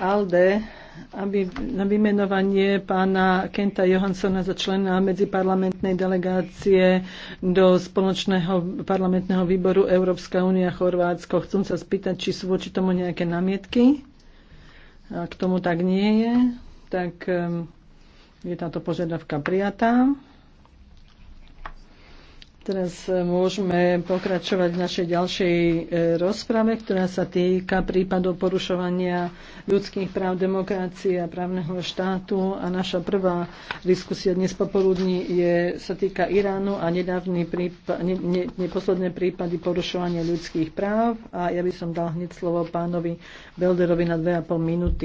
ALDE aby na vymenovanie pána Kenta Johansona za člena medziparlamentnej delegácie do spoločného parlamentného výboru Európska únia Chorvátsko. Chcem sa spýtať, či sú voči tomu nejaké namietky. Ak tomu tak nie je, tak ehm, je táto požiadavka prijatá. Teraz e, môžeme pokračovať v našej ďalšej e, rozprave, ktorá sa týka prípadov porušovania ľudských práv, demokracie a právneho štátu. A naša prvá diskusia dnes popoludní je, sa týka Iránu a nedávny prípad, ne, ne, neposledné prípady porušovania ľudských práv. A ja by som dal hneď slovo pánovi Belderovi na 2,5 minúty.